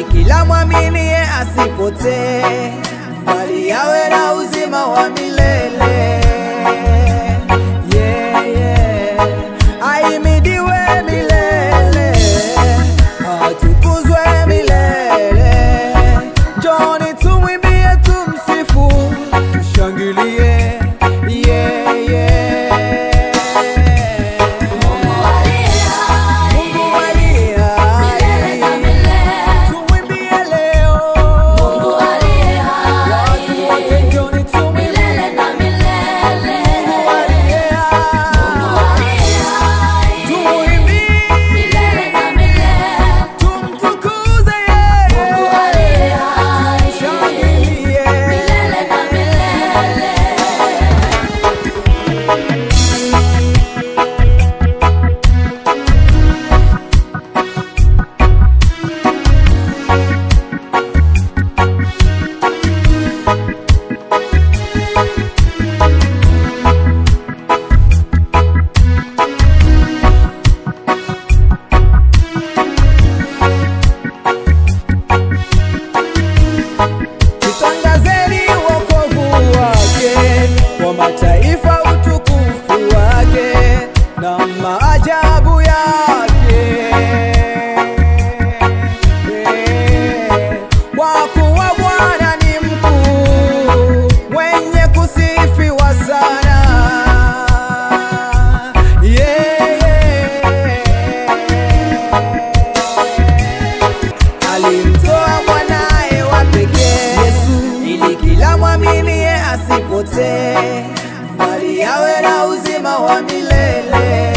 ili kila mwaminie asipotee, bali awe na uzima wa milele. alimtoa mwanaye wa pekee Yesu, ili kila mwaminie asipotee, bali awe na uzima wa milele.